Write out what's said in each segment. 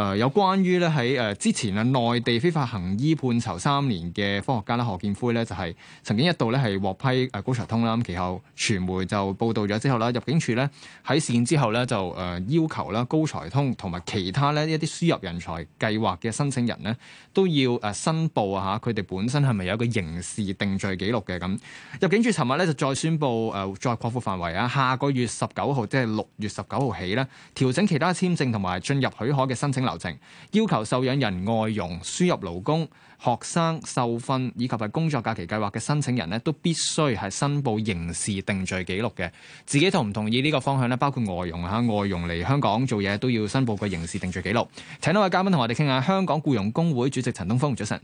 誒、呃、有關於咧喺誒之前啊，內地非法行醫判囚三年嘅科學家啦，何建輝咧就係、是、曾經一度咧係獲批誒高才通啦。咁其後傳媒就報道咗之後啦，入境處咧喺事件之後咧就誒要求啦高才通同埋其他咧一啲輸入人才計劃嘅申請人咧都要誒申報啊嚇佢哋本身係咪有一個刑事定罪記錄嘅咁。入境處尋日咧就再宣布誒再擴闊範圍啊，下個月十九號即係六月十九號起咧調整其他簽證同埋進入許可嘅申請流程要求受養人外傭、輸入勞工、學生、受訓以及係工作假期計劃嘅申請人呢，都必須係申報刑事定罪記錄嘅。自己同唔同意呢個方向呢？包括外傭吓，外傭嚟香港做嘢都要申報個刑事定罪記錄。請多位嘉賓同我哋傾下。香港僱傭公會主席陳東風，早晨。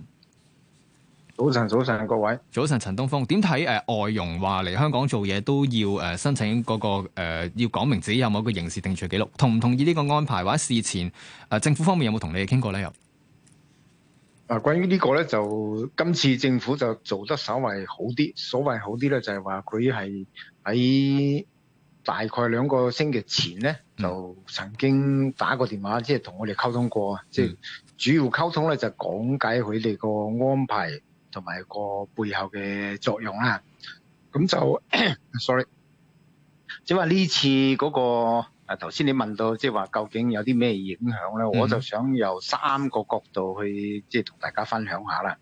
早晨，早晨各位。早晨，陳東風，點睇誒？外傭話嚟香港做嘢都要誒、呃，申請嗰、那個誒、呃，要講明自己有冇個刑事定罪記錄，同唔同意呢個安排？或者事前誒、呃，政府方面有冇同你哋傾過咧？又啊，關於呢個咧，就今次政府就做得稍微好啲，所謂好啲咧，就係話佢係喺大概兩個星期前咧，嗯、就曾經打過電話，即係同我哋溝通過，即係、嗯、主要溝通咧就講解佢哋個安排。同埋個背後嘅作用啦，咁就咳咳 sorry，即係話呢次嗰、嗰個誒頭先你問到，即係話究竟有啲咩影響咧？嗯、我就想由三個角度去即係同大家分享一下啦。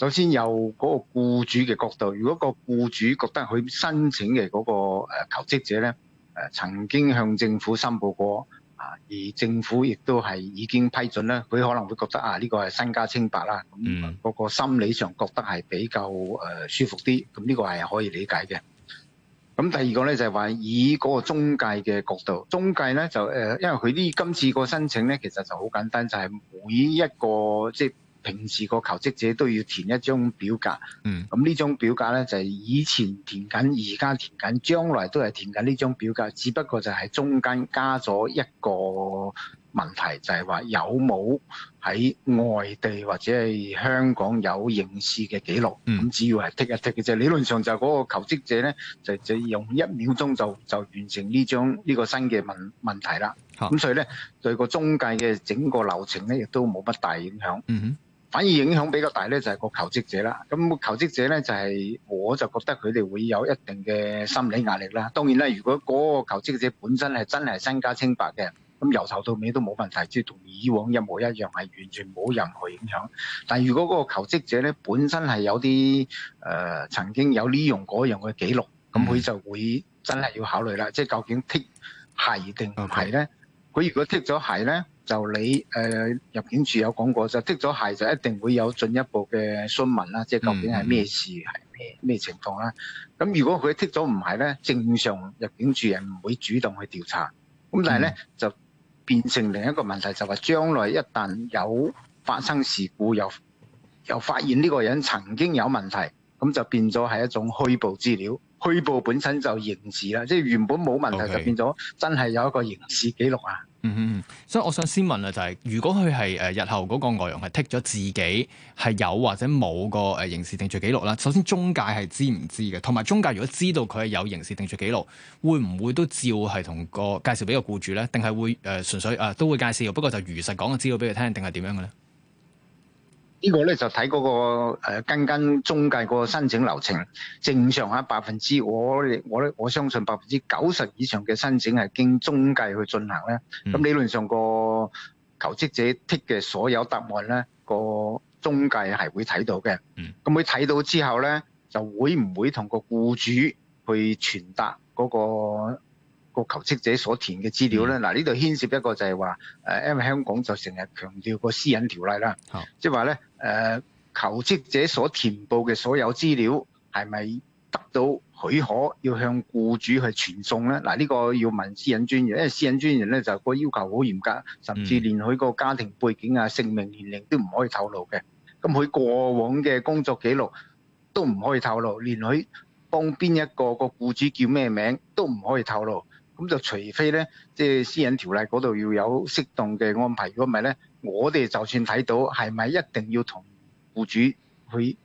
首先由嗰個僱主嘅角度，如果個僱主覺得佢申請嘅嗰個求職者咧誒、呃、曾經向政府申報過。啊！而政府亦都係已經批准啦。佢可能會覺得啊，呢、這個係身家清白啦，咁個心理上覺得係比較誒、呃、舒服啲，咁呢個係可以理解嘅。咁第二個咧就係、是、話以嗰個中介嘅角度，中介咧就誒、呃，因為佢呢今次個申請咧其實就好簡單，就係、是、每一個即係。平時個求職者都要填一張表格，咁呢張表格咧就係以前填緊，而家填緊，將來都係填緊呢張表格，只不過就係中間加咗一個問題，就係、是、話有冇喺外地或者係香港有刑事嘅記錄，咁、嗯、只要係 tick 一 tick 嘅啫。理論上就係嗰個求職者咧就就用一秒鐘就就完成呢張呢個新嘅問問題啦。咁、啊、所以咧對個中介嘅整個流程咧亦都冇乜大影響。嗯哼反而影響比較大咧，就係個求職者啦。咁求職者咧，就係我就覺得佢哋會有一定嘅心理壓力啦。當然啦，如果嗰個求職者本身係真係身家清白嘅，咁由頭到尾都冇問題，即係同以往一模一樣，係完全冇任何影響。但如果嗰個求職者咧本身係有啲誒、呃、曾經有呢樣嗰樣嘅記錄，咁佢就會真係要考慮啦。嗯、即係究竟剔係定唔係咧？佢 Okay. 如果剔咗係咧？就你誒、呃、入境處有講過，就剔咗鞋就一定會有進一步嘅詢問啦，即係究竟係咩事，係咩咩情況啦？咁如果佢剔咗唔係咧，正常入境處係唔會主動去調查。咁但係咧就變成另一個問題，就話、係、將來一旦有發生事故，又又發現呢個人曾經有問題。咁就變咗係一種虛報資料，虛報本身就刑事啦，即係原本冇問題就 Okay. 變咗真係有一個刑事記錄啊！嗯嗯，所以我想先問啊、就是，就係如果佢係日後嗰個外傭係剔咗自己係有或者冇個誒刑事定罪記錄啦，首先中介係知唔知嘅？同埋中介如果知道佢係有刑事定罪記錄，會唔會都照係同個介紹俾個僱主咧？定係會誒、呃、純粹、呃、都會介紹，不過就如實講個資料俾佢聽，定係點樣嘅咧？這個呢、那個咧就睇嗰個跟跟中介個申請流程正常嚇、啊、百分之我我咧我相信百分之九十以上嘅申請係經中介去進行咧。咁、嗯、理論上個求職者 tick 嘅所有答案咧，個中介係會睇到嘅。咁佢睇到之後咧，就會唔會同個僱主去傳達嗰個求職者所填嘅資料咧？嗱、嗯，呢度牽涉一個就係話、呃、因 M 香港就成日強調個私隱條例啦，好即話咧。誒、呃、求職者所填報嘅所有資料係咪得到許可要向僱主去傳送咧？嗱、啊、呢、呢個要問私隱專員，因為私隱專員咧就係、個要求好嚴格，甚至連佢個家庭背景啊、姓名、年齡都唔可以透露嘅。咁佢過往嘅工作記錄都唔可以透露，連佢幫邊一個個僱主叫咩名都唔可以透露。咁就除非咧，即係私隱條例嗰度要有適當嘅安排。如果唔係咧，我哋就算睇到，係咪一定要同僱主去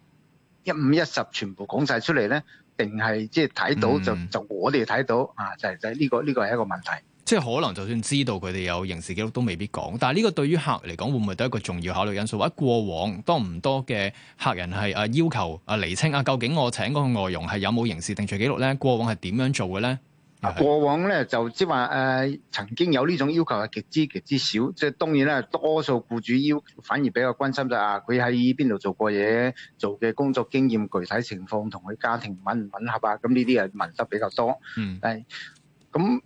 一五一十全部講晒出嚟咧？定係即係睇到就就我哋睇到啊？就係就係呢個呢個係一個問題，嗯，即係可能就算知道佢哋有刑事記錄都未必講，但係呢個對於客嚟講會唔會都係一個重要考慮因素？或者過往，多唔多嘅客人係啊要求啊釐清啊，究竟我請嗰個外傭係有冇刑事定罪記錄咧？過往係點樣做嘅咧？啊，過往咧就即係話誒，曾經有呢種要求係極之極之少，即係當然咧，多數僱主要反而比較關心就係啊，佢喺邊度做過嘢，做嘅工作經驗具體情況同佢家庭吻唔吻合啊，咁呢啲誒問得比較多。嗯，誒，咁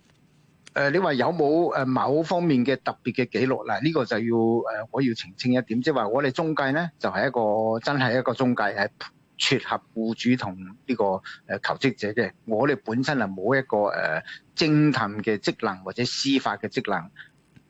誒，你話有冇誒某方面嘅特別嘅記錄嗱，呢個就要誒，我要澄清一點，即係話我哋中介咧就係一個真係一個中介 a 撮合僱主同呢個誒求職者嘅，我哋本身係冇一個誒、呃、偵探嘅職能或者司法嘅職能，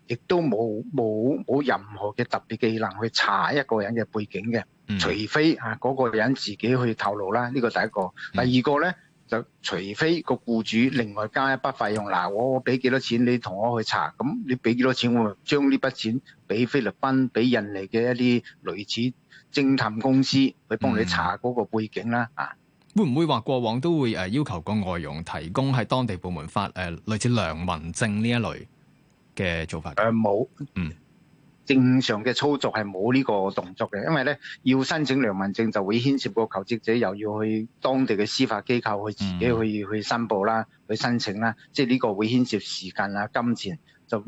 亦都冇冇冇任何嘅特別技能去查一個人嘅背景嘅，嗯、除非啊嗰個人自己去透露啦。呢、呢個第一個，第二個咧。嗯就除非個僱主另外加一筆費用嗱，我俾幾多錢你同我去查，咁你俾幾多錢我咪將呢筆錢俾菲律賓，俾印尼嘅一啲類似偵探公司去幫你查嗰個背景啦啊、嗯！會唔會話過往都會誒要求個外傭提供喺當地部門發誒、呃、類似良民證呢一類嘅做法？誒冇、呃、嗯。正常嘅操作係冇呢個動作嘅，因為咧要申請良民證就會牽涉個求職者又要去當地嘅司法機構去自己去去申報啦，嗯、去申請啦，即係呢個會牽涉時間啊、金錢，就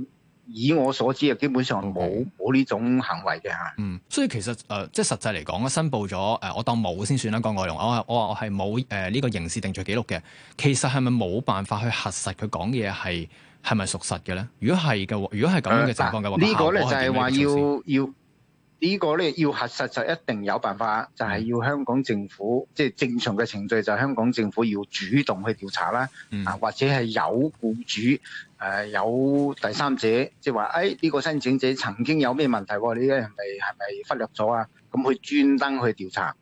以我所知啊，基本上冇冇呢種行為嘅。嗯，所以其實誒、呃，即係實際嚟講，申報咗誒，我當冇先算啦，講外傭，我我話我係冇誒呢個刑事定罪記錄嘅，其實係咪冇辦法去核實佢講嘢係，係咪屬實嘅咧？如果係嘅話，如果係咁樣嘅情況嘅話，呢、嗯呢個咧就係話要要呢、呢個咧要核實就一定有辦法，就係、係、要香港政府、嗯、即係正常嘅程序，就係香港政府要主動去調查啦，嗯、啊或者係有僱主誒、呃、有第三者，即係話誒呢個申請者曾經有咩問題喎？你咧係咪係咪忽略咗啊？咁去專登去調查，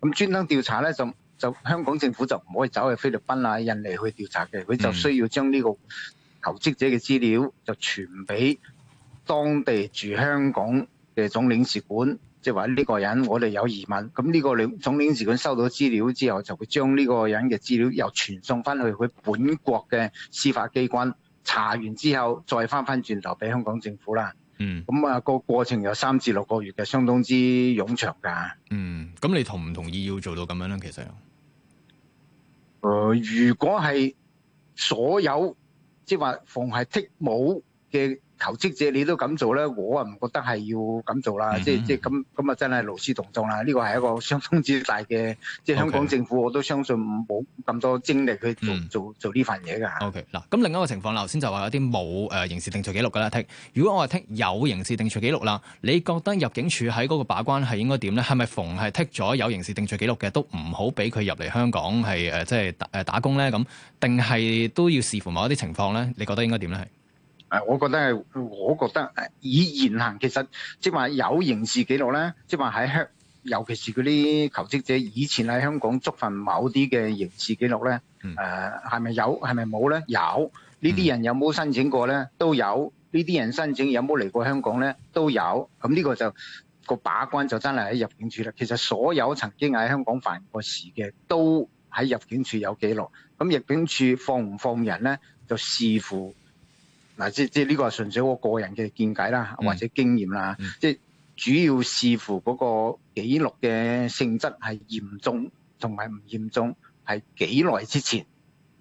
咁專登調查咧就就香港政府就唔可以走去菲律賓啊印尼去調查嘅，佢就需要將呢、呢個。嗯求職者嘅資料就傳俾當地駐香港嘅總領事館，即係話呢個人我哋有疑問，咁呢個領總領事館收到資料之後，就會將呢個人嘅資料又傳送翻去佢本國嘅司法機關查完之後，再翻翻轉頭俾香港政府啦。嗯，咁啊個過程有三至六個月嘅，相當之冗長㗎。嗯，咁你同唔同意要做到咁樣咧？其實，呃，如果係所有。即係話，逢係剔冇嘅。求職者你都咁做咧，我啊唔覺得係要咁做啦、嗯。即係即係咁咁啊，真係勞師動眾啦。呢個係一個相當之大嘅，即係香港政府 okay，我都相信冇咁多精力去做、嗯、做做呢份嘢㗎。O K 嗱，咁另一個情況，頭先就話有啲冇誒刑事定罪記錄㗎啦。剔，如果我係剔有刑事定罪記錄啦，你覺得入境處喺嗰個把關係應該點咧？係咪逢係剔咗有刑事定罪記錄嘅都唔好俾佢入嚟香港係、呃、即係打，打工咧？咁定係都要視乎某一啲情況咧？你覺得應該點咧？誒，我覺得係，我覺得誒，以言行其實即係話有刑事記錄咧，即係話喺香，尤其是嗰啲求職者以前喺香港觸犯某啲嘅刑事記錄咧，誒係咪有，係咪冇咧？有呢啲人有冇申請過咧？都有呢啲、嗯、人申請有冇嚟過香港咧？都有，咁呢個就、個把關就真係喺入境處啦。其實所有曾經喺香港犯過事嘅都喺入境處有記錄，咁入境處放唔放人咧？就視乎。嗱，即即呢個係純粹我個人嘅見解啦，嗯、或者經驗啦，嗯、即主要視乎嗰個記錄嘅性質係嚴重同埋唔嚴重，係幾耐之前。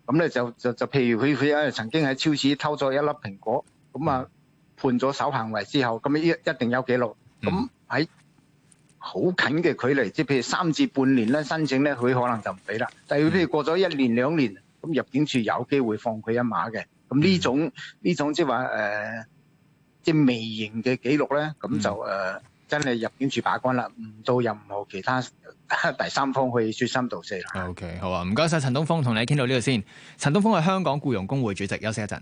咁咧就就就譬如佢佢啊曾經喺超市偷咗一粒蘋果，咁啊判咗守行為之後，咁一一定有記錄。咁喺好近嘅距離，即譬如三至半年咧申請咧，佢可能就唔俾啦。但係佢譬如過咗一年兩年，咁入境處有機會放佢一馬嘅。咁呢、嗯、種呢種即係話即係微型嘅記錄咧，咁、嗯嗯、就誒、呃、真係入院處把關啦，唔到任何其他第三方去説三道四。O、okay, K，好啊，唔該晒。陳東風同你傾到呢度先。陳東風係香港僱傭公會主席，休息一陣。